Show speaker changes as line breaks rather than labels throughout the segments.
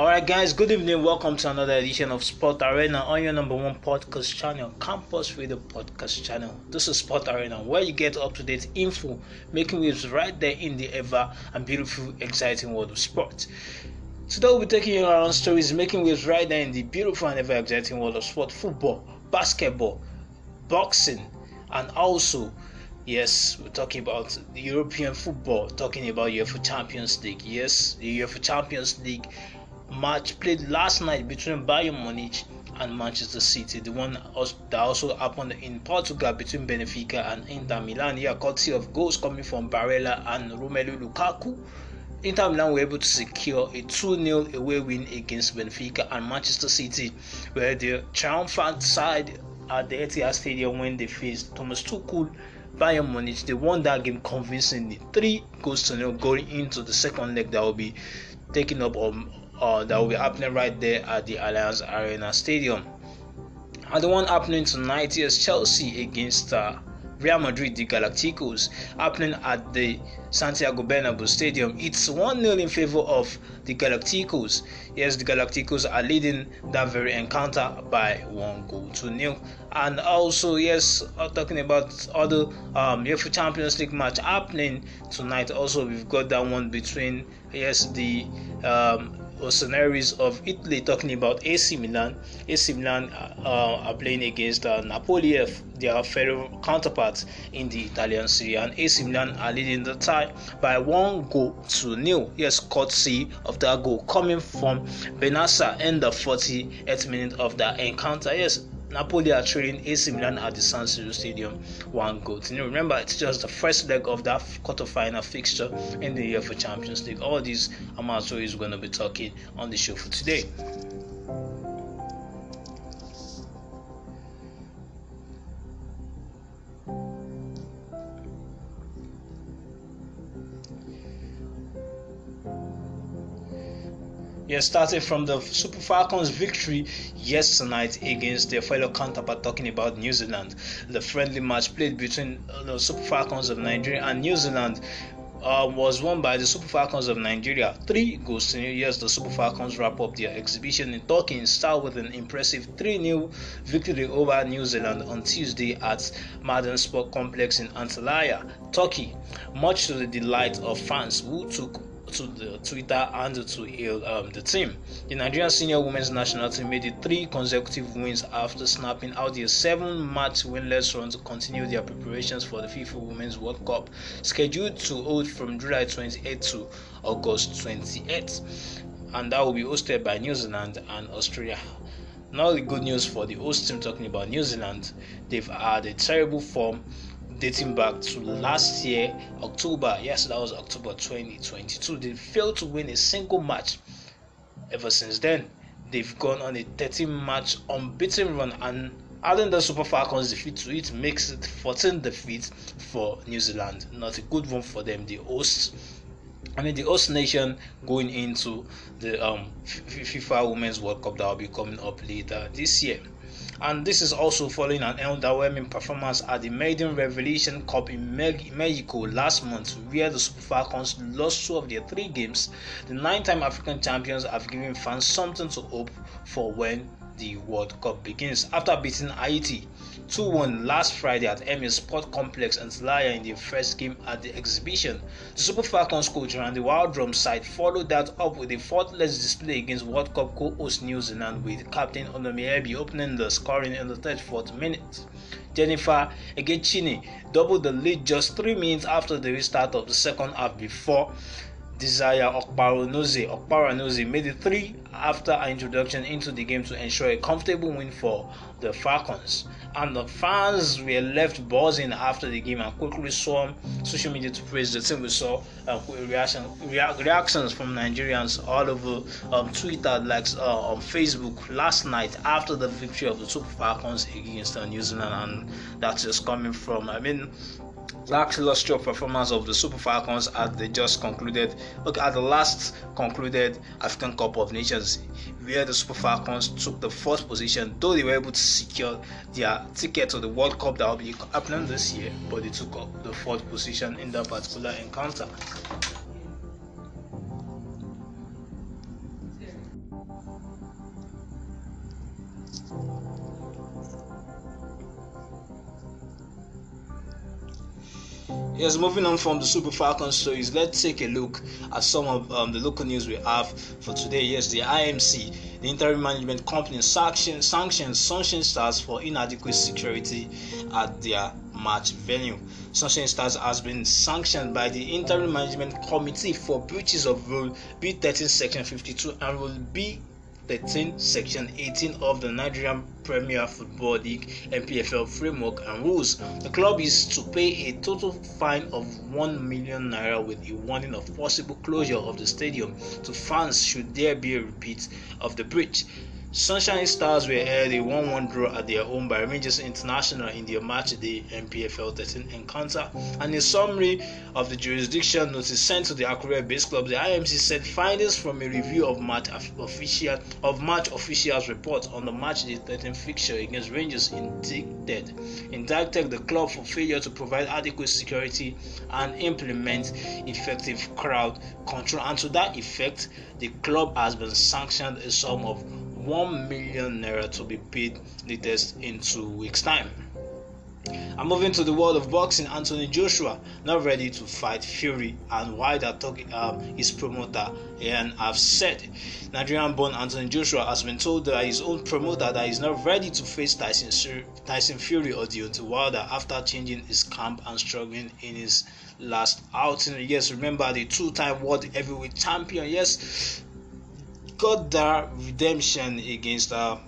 Alright, guys, good evening. Welcome to another edition of Sport Arena on your number one podcast channel, Campus Radio Podcast Channel. This is Sport Arena, where you get up to date info making waves right there in the ever and beautiful, exciting world of sport. Today, we'll be taking you around stories making waves right there in the beautiful and ever exciting world of sport football, basketball, boxing, and also Yes, we're talking about European football, talking about UEFA Champions League. Yes, the UEFA Champions League match played last night between Bayern Munich and Manchester City. The one that also happened in Portugal between Benfica and Inter Milan. Here, courtesy of goals coming from Barella and Romelu Lukaku. Inter Milan were able to secure a 2 0 away win against Benfica and Manchester City, where the triumphant side at the Etihad Stadium when they faced Thomas Tuchel. Bayern Munich, they won that game convincingly, three goals to nil going into the second leg that will be taken up on um, uh, that will be happening right there at the Alliance Arena Stadium. And the one happening tonight is Chelsea against uh, Real Madrid, the Galacticos, happening at the Santiago Bernabeu Stadium. It's 1 0 in favor of the Galacticos. Yes, the Galacticos are leading that very encounter by one goal to nil. And also, yes, uh, talking about other um, UEFA Champions League match happening tonight, also, we've got that one between, yes, the um, or scenarios of Italy talking about AC Milan. AC Milan uh, are playing against uh, Napoli, uh, their fellow counterparts in the Italian Serie, and AC Milan are leading the tie by one goal to nil. Yes, courtesy of that goal coming from Benassa in the 48th minute of that encounter. Yes, Napoli are trailing AC Milan at the San Siro Stadium, one goal. You know, remember, it's just the first leg of that quarterfinal fixture in the UEFA Champions League. All these amateurs is going to be talking on the show for today. Yeah, started from the Super Falcons' victory yesterday night against their fellow counterpart, talking about New Zealand. The friendly match played between uh, the Super Falcons of Nigeria and New Zealand uh, was won by the Super Falcons of Nigeria. Three goals to Yes, the Super Falcons wrap up their exhibition in Turkey in style with an impressive 3 new victory over New Zealand on Tuesday at Madden Sport Complex in Antalya, Turkey, much to the delight of fans who took to the Twitter and to hail um, the team. The Nigerian senior women's national team made it three consecutive wins after snapping out their seven-match winless run to continue their preparations for the FIFA Women's World Cup, scheduled to hold from July 28 to August 28, and that will be hosted by New Zealand and Australia. Now the good news for the host team talking about New Zealand, they've had a terrible form dating back to last year, October. Yes, that was October 2022. They failed to win a single match ever since then. They've gone on a 13 match unbeaten run and adding the Super Falcons defeat to it makes it 14 defeats for New Zealand. Not a good one for them. The hosts I mean the host nation going into the um, FIFA Women's World Cup that will be coming up later this year and this is also following an underwhelming performance at the Maiden Revolution Cup in Mexico last month, where the Super Falcons lost two of their three games. The nine-time African champions have given fans something to hope for when the World Cup begins after beating Haiti 2 1 last Friday at Emu Sport Complex and Slayer in the first game at the exhibition. The Super Falcons coach and the Wild Drum side followed that up with a faultless display against World Cup co host New Zealand with captain Onomiebi opening the scoring in the 34th minute. Jennifer Egechini doubled the lead just three minutes after the restart of the second half before Desire Okparonoze. Okparonoze made it three after an introduction into the game to ensure a comfortable win for the Falcons. And the fans were left buzzing after the game and quickly swarmed social media to praise the team. We saw uh, reaction, rea- reactions from Nigerians all over um, Twitter, like uh, on Facebook last night after the victory of the Super Falcons against uh, New Zealand. And that's just coming from, I mean, last illustrious performance of the Super Falcons at the just concluded look at the last concluded African Cup of Nations, where the Super Falcons took the first position, though they were able to secure their ticket to the World Cup that will be happening this year, but they took up the fourth position in that particular encounter. Yes, moving on from the Super Falcons stories, let's take a look at some of um, the local news we have for today. Yes, the IMC, the interim management company, sanctioned sanctioned Sunshine Stars for inadequate security at their match venue. Sunshine Stars has been sanctioned by the interim management committee for breaches of Rule B13 Section 52 and Rule B 13, Section 18 of the Nigerian Premier Football League (NPFL) framework and rules. The club is to pay a total fine of 1 million naira with a warning of possible closure of the stadium to fans should there be a repeat of the breach. Sunshine Stars were held a 1 1 draw at their home by Rangers International in their match day MPFL 13 encounter. And in summary of the jurisdiction notice sent to the Accra Base Club, the IMC said findings from a review of match, official, of match officials' reports on the match day 13 fixture against Rangers indicted. Indicted the club for failure to provide adequate security and implement effective crowd control. And to that effect, the club has been sanctioned a sum of 1 million naira to be paid latest in two weeks' time. I'm moving to the world of boxing. Anthony Joshua not ready to fight Fury and wider talking uh, um, his promoter and have said Nigerian-born Anthony Joshua has been told by his own promoter that he's not ready to face Tyson, Tyson Fury or Deontay Wilder after changing his camp and struggling in his last outing. Yes, remember the two-time world heavyweight champion. Yes, Got that redemption against uh,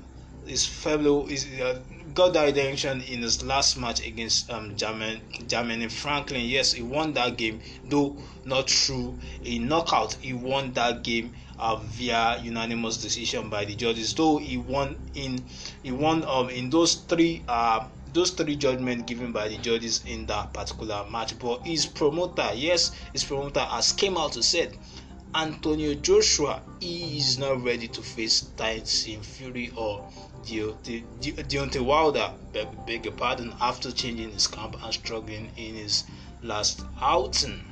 his fellow uh, got that redemption in his last match against um, German, Germany. Franklin, yes, he won that game, though not through a knockout. He won that game uh, via unanimous decision by the judges. Though he won in he won um, in those three uh, those three judgments given by the judges in that particular match. But his promoter, yes, his promoter has came out to said Antonio Joshua he is not ready to face Tyson Fury or Deontay, Wilder, beg, beg your pardon, after changing his camp and struggling in his last outing.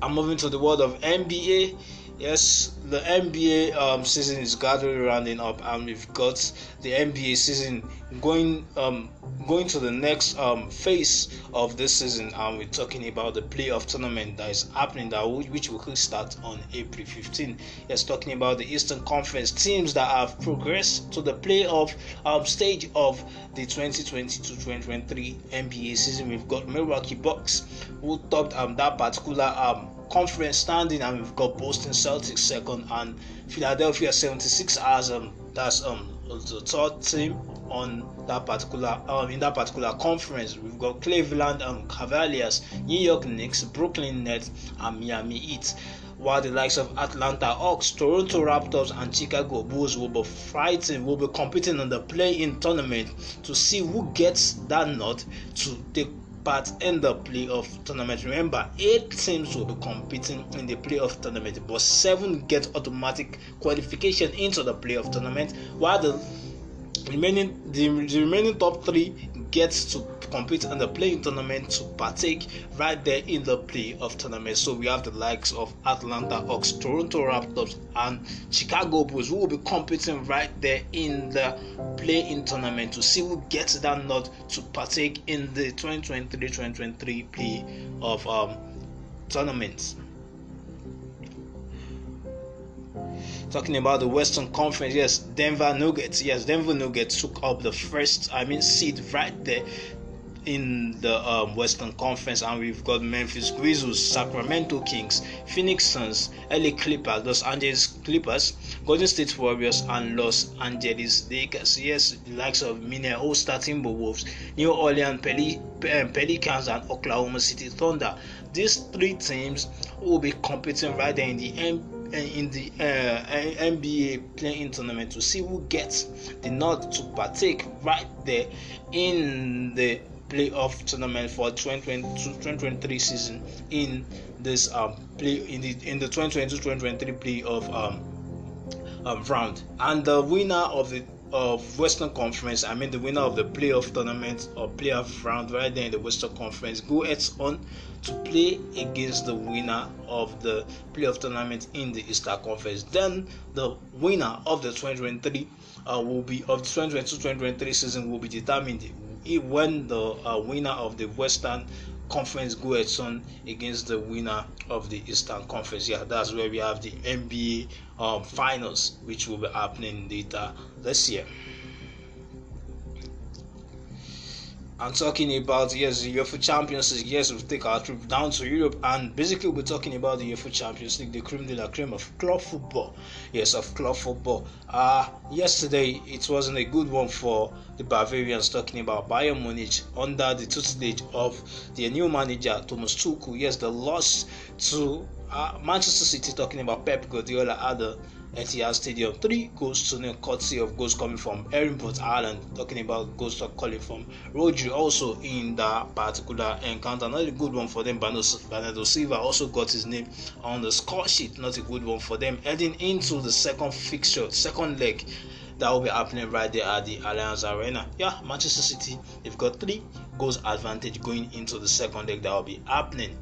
I'm moving to the world of NBA. Yes, the NBA um, season is gradually rounding up, and we've got the NBA season going um, going to the next um, phase of this season, and we're talking about the playoff tournament that is happening that which will start on April 15. Yes, talking about the Eastern Conference teams that have progressed to the playoff um, stage of the 2022-2023 NBA season. We've got Milwaukee Bucks who topped um, that particular um, conference standing and we've got Boston Celtics second and Philadelphia 76ers um that's um the third team on that particular um in that particular conference we've got Cleveland um Cavaliers, New York Knicks, Brooklyn Nets and Miami Heat while the likes of Atlanta Hawks, Toronto Raptors, and Chicago Bulls will be fighting, will be competing in the play-in tournament to see who gets that nod to take part in the playoff tournament. Remember, eight teams will be competing in the playoff tournament, but seven get automatic qualification into the playoff tournament, while the remaining the, the remaining top three gets to compete in the playing tournament to partake right there in the playoff tournament. So we have the likes of Atlanta Hawks, Toronto Raptors, and Chicago Bulls who will be competing right there in the play-in tournament to see who gets that nod to partake in the 2023-2023 play of um, tournaments. talking about the Western Conference, yes, Denver Nuggets, yes, Denver Nuggets took up the first, I mean, seed right there in the um, Western Conference, and we've got Memphis Grizzlies, Sacramento Kings, Phoenix Suns, LA Clippers, Los Angeles Clippers, Golden State Warriors, and Los Angeles Lakers. Yes, the likes of Minnesota Timberwolves, New Orleans Pel- um, Pelicans, and Oklahoma City Thunder. These three teams will be competing right there in the eh, in the uh, eh, eh, NBA playing tournament to see who gets the nod to partake right there in the playoff tournament for 2022-2023 season in this um, play in the in the 2022-2023 playoff um, um, round, and the winner of the of Western Conference, I mean the winner of the playoff tournament or playoff round right there in the Western Conference, go heads on to play against the winner of the playoff tournament in the Eastern Conference. Then the winner of the 2023 uh, will be of 2022-2023 season will be determined he won the uh, winner of the Western Conference go on son against the winner of the Eastern Conference. Yeah, that's where we have the NBA um, Finals, which will be happening later this year. I'm talking about yes, the UEFA Champions League. Yes, we will take our trip down to Europe, and basically we're talking about the UEFA Champions League, the cream de la cream of club football. Yes, of club football. Uh yesterday it wasn't a good one for the Bavarians. Talking about Bayern Munich under the tutelage of their new manager Thomas Tuchel. Yes, the loss to uh, Manchester City. Talking about Pep Guardiola other. Etihad Stadium. Three goals to nil, courtesy of goals coming from Erin Port Ireland. Talking about goals calling from Rodri also in that particular encounter. Not a good one for them. Bernardo Silva also got his name on the score sheet. Not a good one for them. Heading into the second fixture, second leg that will be happening right there at the Alliance Arena. Yeah, Manchester City, they've got three goals advantage going into the second leg that will be happening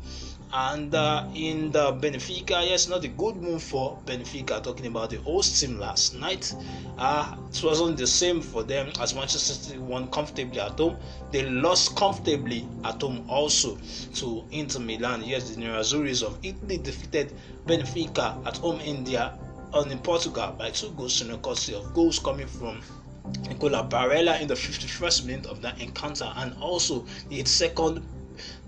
and uh, in the Benfica, yes, not a good move for Benfica, talking about the host team last night. Uh, it wasn't the same for them as Manchester City won comfortably at home. They lost comfortably at home also to Inter Milan. Yes, the Nerazzurris of Italy defeated Benfica at home in their on um, in Portugal by two goals to no cost of goals coming from Nicola Barella in the 51st minute of that encounter and also the second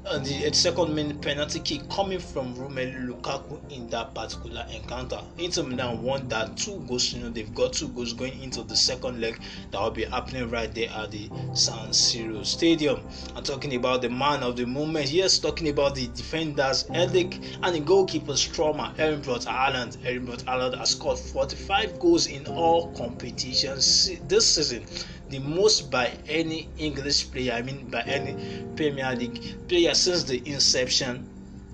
and uh, the uh, second main penalty kick coming from Romelu Lukaku in that particular encounter. Inter Milan won that two goals. You know they've got two goals going into the second leg that will be happening right there at the San Siro Stadium. I'm talking about the man of the moment. Yes, talking about the defenders' headache and the goalkeeper's trauma. Erin Brot Ireland. Erin Brot Ireland has scored 45 goals in all competitions this season the most by any English player, I mean by any Premier League player since the inception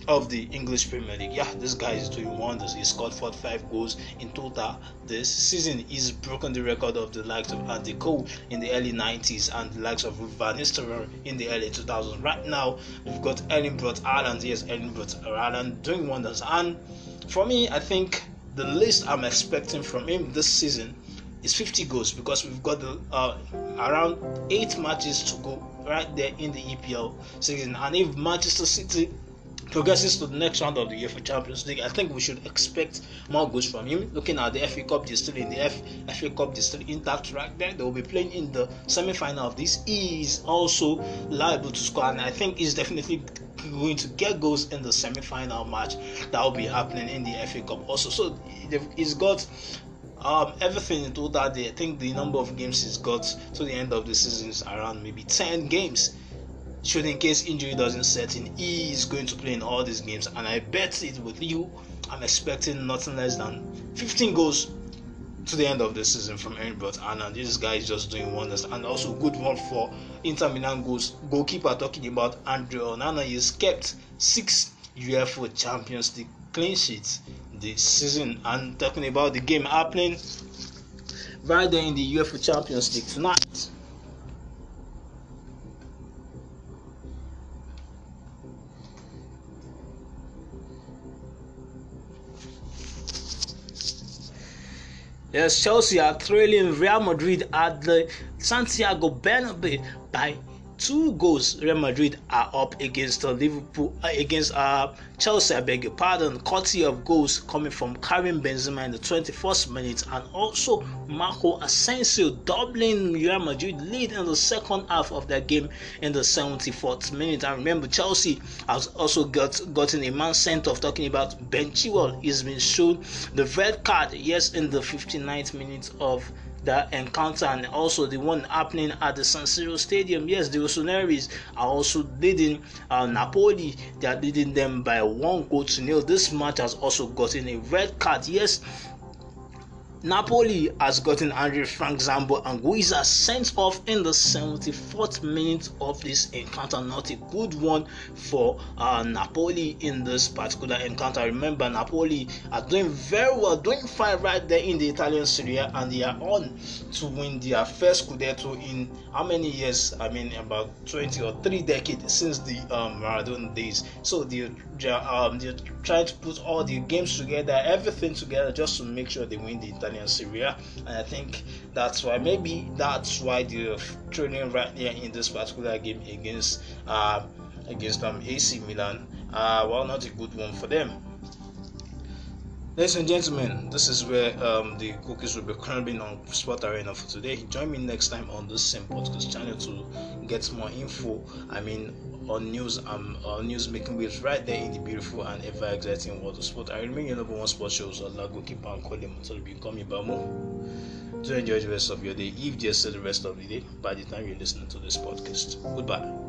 of the English Premier League. Yeah, this guy is doing wonders. He scored 45 goals in total this season. He's broken the record of the likes of Andy Cole in the early 90s and the likes of Van Nistelrooy in the early 2000s. Right now, we've got Erling Brot Ireland. Yes, Erling Brot Ireland doing wonders. And for me, I think the least I'm expecting from him this season is 50 goals because we've got the, uh, around eight matches to go right there in the EPL season. And if Manchester City progresses to the next round of the UEFA Champions League, I think we should expect more goals from him. Looking at the FA Cup, they're still in the F, FA Cup, they're still intact right there. They will be playing in the semi final of this. He is also liable to score, and I think he's definitely going to get goals in the semi final match that will be happening in the FA Cup also. So he's got um, everything in total, I think the number of games he's got to the end of the season is around maybe 10 games. Should in case injury doesn't set in, he is going to play in all these games, and I bet it with you. I'm expecting nothing less than 15 goals to the end of the season from Aaron But and uh, this guy is just doing wonders and also good one for Inter Milan goals goalkeeper talking about Andrea Onana He's kept six UEFA Champions League clean sheets the season and talking about the game happening right there in the UEFA Champions League tonight. Yes, Chelsea are trailing Real Madrid at the Santiago Bernabeu by two goals Real Madrid are up against uh, Liverpool uh, against uh, Chelsea. I beg your pardon. Courtesy of goals coming from Karim Benzema in the 21st minute, and also Marco Asensio doubling Real Madrid lead in the second half of that game in the 74th minute. And remember, Chelsea has also got gotten a man sent off. Talking about Ben Chilwell, he's been shown the red card. Yes, in the 59th minute of that encounter and also the one happening at the San Siro Stadium. Yes, the Rossoneri's are also leading uh, Napoli. They are leading them by one goal to nil. This match has also gotten a red card. Yes, Napoli has gotten Andre Frank Zambo and Guiza sent off in the 74th minute of this encounter. Not a good one for uh, Napoli in this particular encounter. Remember, Napoli are doing very well, doing fine right there in the Italian Serie A, and they are on to win their first Scudetto in how many years? I mean, about 20 or 3 decades since the um, Maradona days. So they, um, they um, they're trying to put all the games together, everything together, just to make sure they win the Italian than in Syria. And I think that's why maybe that's why they're training right here in this particular game against uh, against um, AC Milan. Uh, well, not a good one for them. Ladies and gentlemen, this is where um, the cookies will be crumbling on Sport Arena for today. Join me next time on this same podcast channel to get more info. I mean, on news um, on news making waves right there in the beautiful and ever exciting world of sport. I remain your number one sports shows on calling. Keeper and you Motolobi Komi Bamu. Do enjoy the rest of your day if there's still the rest of the day by the time you're listening to this podcast. Goodbye.